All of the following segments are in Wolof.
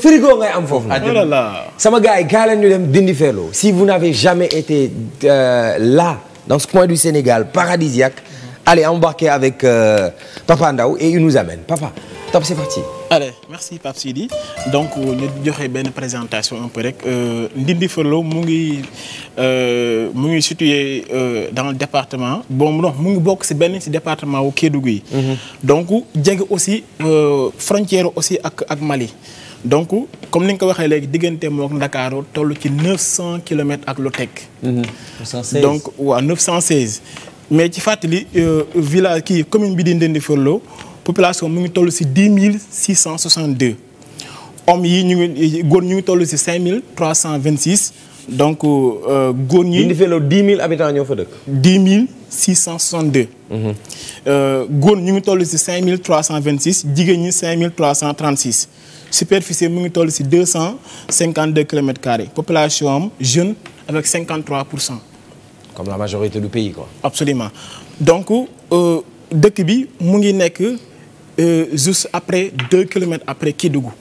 frigo ngay am foofu ah, la sama gars yi gaa leen ñu dem dindi feeloo si vous n'avez jamais été euh, là dans ce coin du Sénégal paradisiaque allez embarquer avec euh, Papa Ndaw et il nous amène papa Top, c'est parti. allez merci Pape Sidi donc euh, ñu joxe benn présentation un peu rek euh, Ndindi Ferlo mu ngi euh, mu ngi situé dans le département bon non mu ngi bokk si benn si département wu Kédougou yi. Mhm. donc jege aussi euh, aussi ak ak Mali. donc comme ni nga ko waxee léegi diggante mook Ndakaaru toll ci 900 kilomètres ak lu teg. 916 mhm. donc waaw mais ci fàttali village ki commune bi di Ndindi Ferlo population mu ngi toll si dix mille six cent soixante deux yi ñu ngi ñu ngi toll si cinq mille trois cent vingt six donc euh, góor ñi. indi fële mille habitants ñoo fa dëkk. dix mille six cent mhm. euh, ñu ngi toll si cinq mille trois cent vingt six jigéen ñi cinq mille trois cent trente six superficie mu ngi toll si deux cent cinquante deux kilomètres carrés population am jeune avec cinquante pour cent. comme la absolument donc euh, dëkk bi mu ngi nekk. euh, juste après deux kilomètres après Kédougou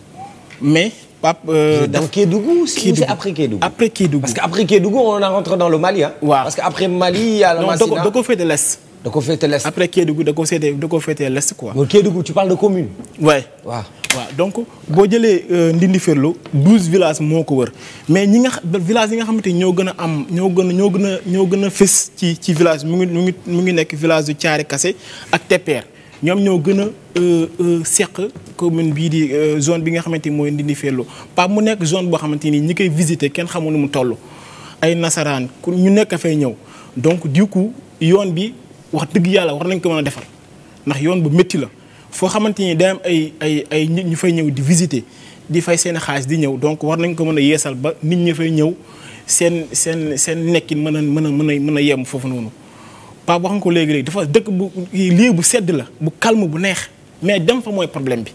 mais. Pape euh, dans Kédougou si Kédougou. c'est après Kédougou. après Kédougou parce que après Kédougou on rentre dans le Mali ah. waaw parce que après Mali y a le Massina. non da ko da ko féetee l'est. da ko féetee l'est après Kédougou da ko féetee da ko féetee l'est quoi. mooy Kédougou tu parles de commune. waay waaw. waaw donc boo jëlee Ndindi Ferlo douze villages moo ko wër mais ñi nga village yi nga xamante ñoo gën a am ñoo gën a ñoo gën a ñoo gën a fës ci ci village mu ngi mu ngi mu ngi nekk village du Thiaré Kassé ak Tepper. ñoom ñoo gën a euh, euh, seq commune bii di euh, zone bi nga xamante ni mooy Ndindy Féllo pa mu nekk zone boo xamante ni ñi koy visité kenn xamul nu mu toll ay nasaraan ku ñu nekk fay ñëw donc du coup yoon bi wax dëgg yàlla war nañ ko mën a defar ndax yoon bu métti la foo xamante ni day am ay ay ay nit ñu fay ñëw di visité di fay seen xaalis di ñëw donc war nañ ko mën a yeesal ba nit ñu fay ñëw seen seen seen nekkin mën a mën a mën a mën a yem foofu noonu Pape wax nga ko léegi léegi dafa dëkk bu lii bu sedd la bu calme bu neex mais dem fa mooy problème bi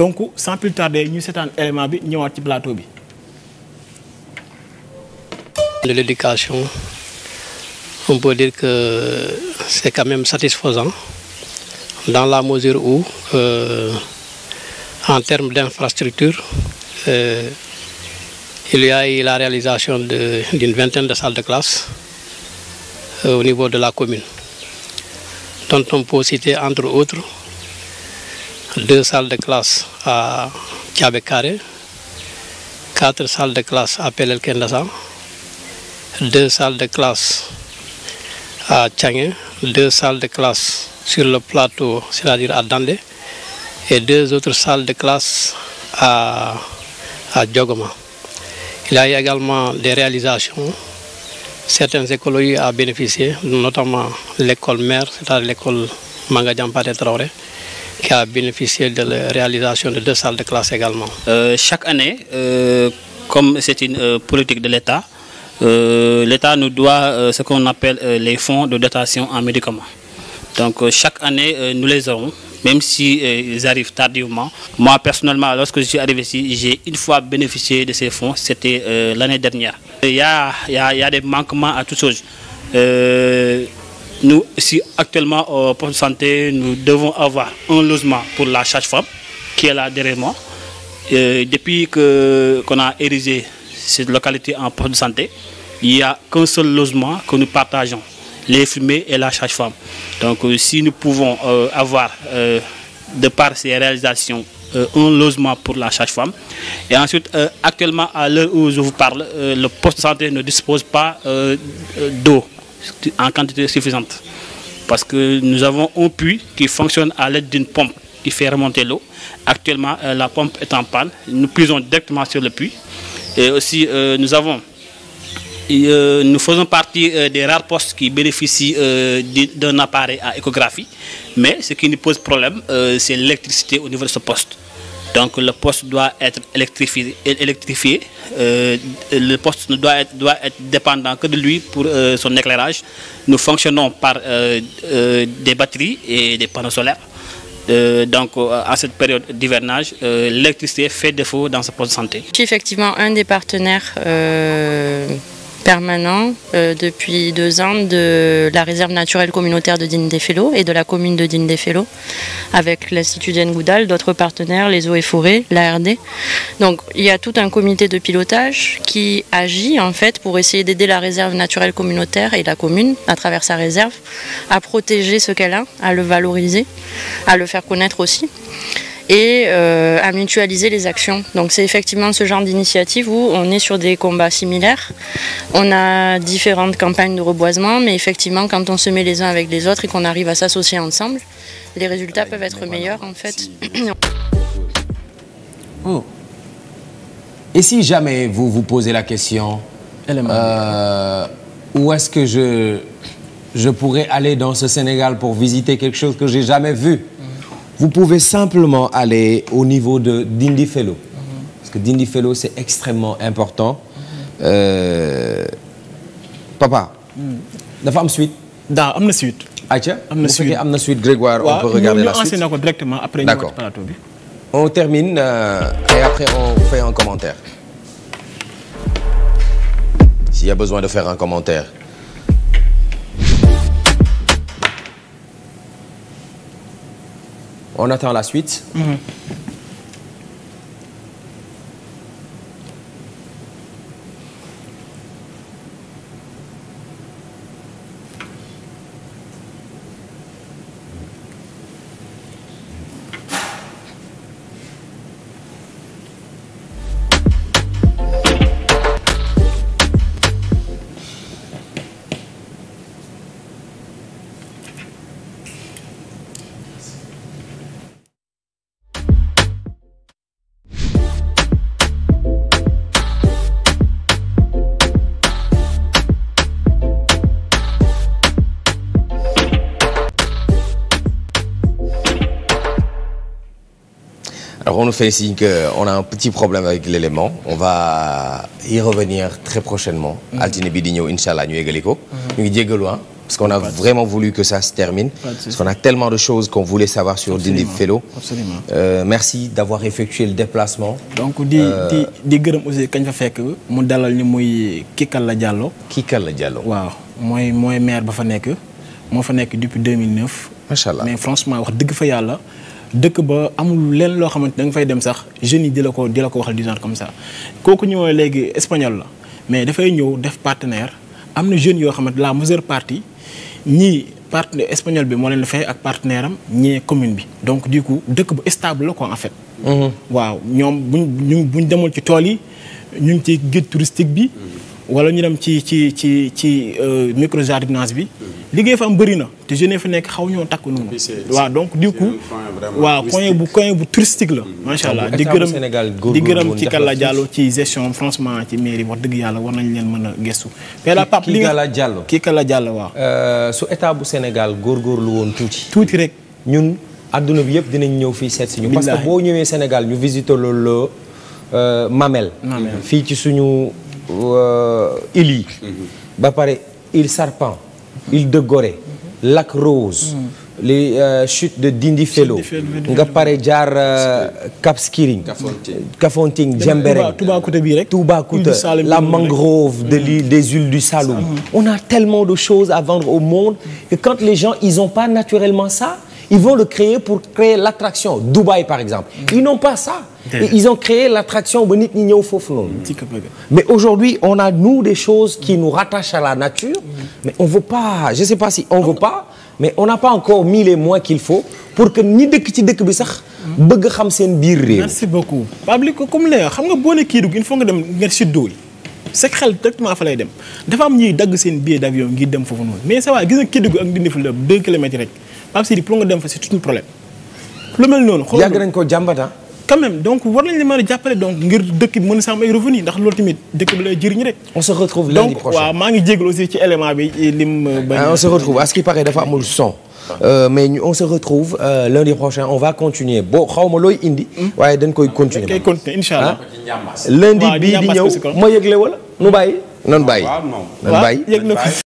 donc sans plus tarder ñu seetaan élément bi ñëwaat ci plateau bi. de l'éducation on peut dire que c'est quand même satisfaisant dans la mesure où euh, en termes d'infrastructure euh, il y a eu la réalisation d'une vingtaine de salles de classe. Euh, au niveau de la commune, dont on peut citer entre autres deux salles de classe à Tiabé-Carré, quatre salles de classe à Pelel-Kendassa, deux salles de classe à Tchangé, deux salles de classe sur le plateau, c'est-à-dire à Dandé, et deux autres salles de classe à, à Djogoma. Il y a également des réalisations Certains écoles ont bénéficié, notamment l'école mère, c'est-à-dire l'école Manga Diampate Traoré, qui a bénéficié de la réalisation de deux salles de classe également. Euh, chaque année, euh, comme c'est une euh, politique de l'État, euh, l'État nous doit euh, ce qu'on appelle les fonds de dotation en médicament Donc chaque année, nous les aurons. même s'ils euh, arrivent tardivement. Moi, personnellement, lorsque je suis arrivé ici, j'ai une fois bénéficié de ces fonds, c'était euh, l'année dernière. Il y, a, il, y a, il y a, des manquements à toutes choses. Euh, nous, ici, actuellement, au poste de santé, nous devons avoir un logement pour la charge-femme qui est là derrière moi. Euh, depuis qu'on qu a érigé cette localité en poste de santé, il n'y a qu'un seul logement que nous partageons l'infirmier et la sage-femme. Donc euh, si nous pouvons euh, avoir, euh, de par ces réalisations, un logement pour la sage-femme. Et ensuite, euh, actuellement, à l'heure où je vous parle, le poste de santé ne dispose pas d'eau en quantité suffisante. Parce que nous avons un puits qui fonctionne à l'aide d'une pompe qui fait remonter l'eau. Actuellement, la pompe est en panne. Nous puisons directement sur le puits. Et aussi, nous avons Euh, nous faisons partie euh, des rares postes qui bénéficient euh, d'un appareil à échographie, mais ce qui nous pose problème, euh, c'est l'électricité au niveau de ce poste. Donc le poste doit être électrifié, électrifié. Euh, le poste ne doit être, doit être dépendant que de lui pour son éclairage. Nous fonctionnons par des batteries et des panneaux solaires. donc euh, à cette période d'hivernage, euh, l'électricité fait défaut dans ce poste de santé. un des partenaires permanent euh, depuis deux ans de la réserve naturelle communautaire de Digne des Fellows et de la commune de Digne des Fellows avec l'Institut d'Engoudal, d'autres partenaires, les eaux et forêts, l'ARD. Donc il y a tout un comité de pilotage qui agit en fait pour essayer d'aider la réserve naturelle communautaire et la commune à travers sa réserve à protéger ce qu'elle a, à le valoriser, à le faire connaître aussi. et euh, à mutualiser les actions. Donc c'est effectivement ce genre d'initiative où on est sur des combats similaires. On a différentes campagnes de reboisement, mais effectivement quand on se met les uns avec les autres et qu'on arrive à s'associer ensemble, les résultats ah, peuvent être meilleurs en fait. si oh. jamais vous posez la question, euh, où est-ce que je, je pourrais aller dans ce Sénégal pour visiter quelque chose que j'ai jamais vu vous pouvez simplement aller au niveau de Dindi Fellow. Mhm. parce que Dindi Fellow c'est extrêmement important. Mhm. Euh... papa. Mm. dafa am suite. daa am na suite. Aïcha am na suite am na suite Grégoire on peut regarder la suite directement après. d'accord on termine euh, et après on fait un commentaire. s'il y a besoin de faire un commentaire. on attend la suite. Mm -hmm. Alors on nous fait signe a un petit problème avec l'élément on va y revenir très prochainement. Mm. altine bi di ñëw incha ñu yeggali mm. ñu ngi jéggalu ah. parce a vraiment voulu que ça se termine. parce qu'on a tellement de choses qu'on voulait savoir sur Dindi Félo. absolument euh, merci d'avoir effectué le déplacement. donc euh, di gërëm aussi kañ fa fekk mu dalal ñu muy Kikalla Diallo. Kikalla Diallo waaw mooy mooy maire ba fa nekk moo fa nekk depuis 2009. macha mais franchement wax dëgg fa yàlla. dëkk ba amul leen loo xamante da nga fay dem sax jeunes yi di la ko di la ko waxal di genre comme sax kooku ñëwee léegi espagnol la mais dafay ñëw def partenaire am na jeunes yoo xamante la majeure partie ñii partenaire espagnol bi moo leen fay ak partenaire am ñee commune bi donc du coup dëkk ba estable la quoi en fait. Mhm. waaw ñoom bu ñu buñ demul ci tool yi ñu ngi ci guide touristique bi. wala ñu dem ci ci ci ci euh, micro jardinage bi mm-hmm. liggéey fa am bëri na te jeune fi nekk xaw ñoo takk noonu. waaw donc du coup waaw coin bu coin bu touristique la. macha allah di gërëm di gërëm ci Kalla Diallo ci gestion franchement ci mairie wax dëgg yàlla war nañ leen mën a gëstu. mais la Pape li nga kii Kalla Diallo euh, su état bu Sénégal lu woon tuuti. tuuti rek ñun adduna bi yëpp dinañ ñëw fii seet si ñu. parce boo ñëwee Sénégal ñu visité loolu la euh, Mamel. Mamel fii ci suñu. île euh, yi mhm. ba pare île Serpent île de Gorée lac Rose mhm. les euh, chutes de Dindéfélo nga pare jaar euh, Cap Skirring Kafountine Djembering Toubacouta bi rek Toubacouta la mangrove de mhm. l'île des îles du Saloum on a tellement de choses à vendre au monde que quand les gens ils ont pas naturellement ça ils vont le créer pour créer l'attraction Dubaï par exemple mm. ils n'ont pas ça et ils ont créé l'attraction ba ni ñi ñëw foofu noonu mais aujourd'hui on a nous des choses qui nous rattachent à la nature mm. mais on veut pas je sais pas si on veut pas mais on n'a pas encore mis les moyens qu'il faut pour que ñi dëkk ci dëkk bi sax mm. bëgg xam seen biir réew merci beaucoup Pape comme la xam nga boo ne il faut nga dem nga si dóol sa xel directement fa dem dafa am seen billet d'avion ngir dem foofu noonu mais rek Pape Sidi pour nga dem fa c'est tout un problème. lu mel noonu. yàgg nañ ko jàmbata ah. quand donc war nañ la mën jàppale donc ngir dëkk bi mën a am ay revenu ndax loolu tamit dëkk bi lay jëriñ rek. on se retrouve lundi prochain donc waaw maa ngi jégalu aussi ci élément bi eh, lim. Euh, bañ ah, on se retrouve à qui paraît dafa amul son. Euh, mais ñu on se retrouve euh, lundi prochain on va continuer boo xaw ma looy indi. Hmm? waaye dañ koy continuer. dañ koy continuer incha allah ah. lundi bii di ñëw ma yëgle wala nu bàyyi. non bàyyi non bàyyi.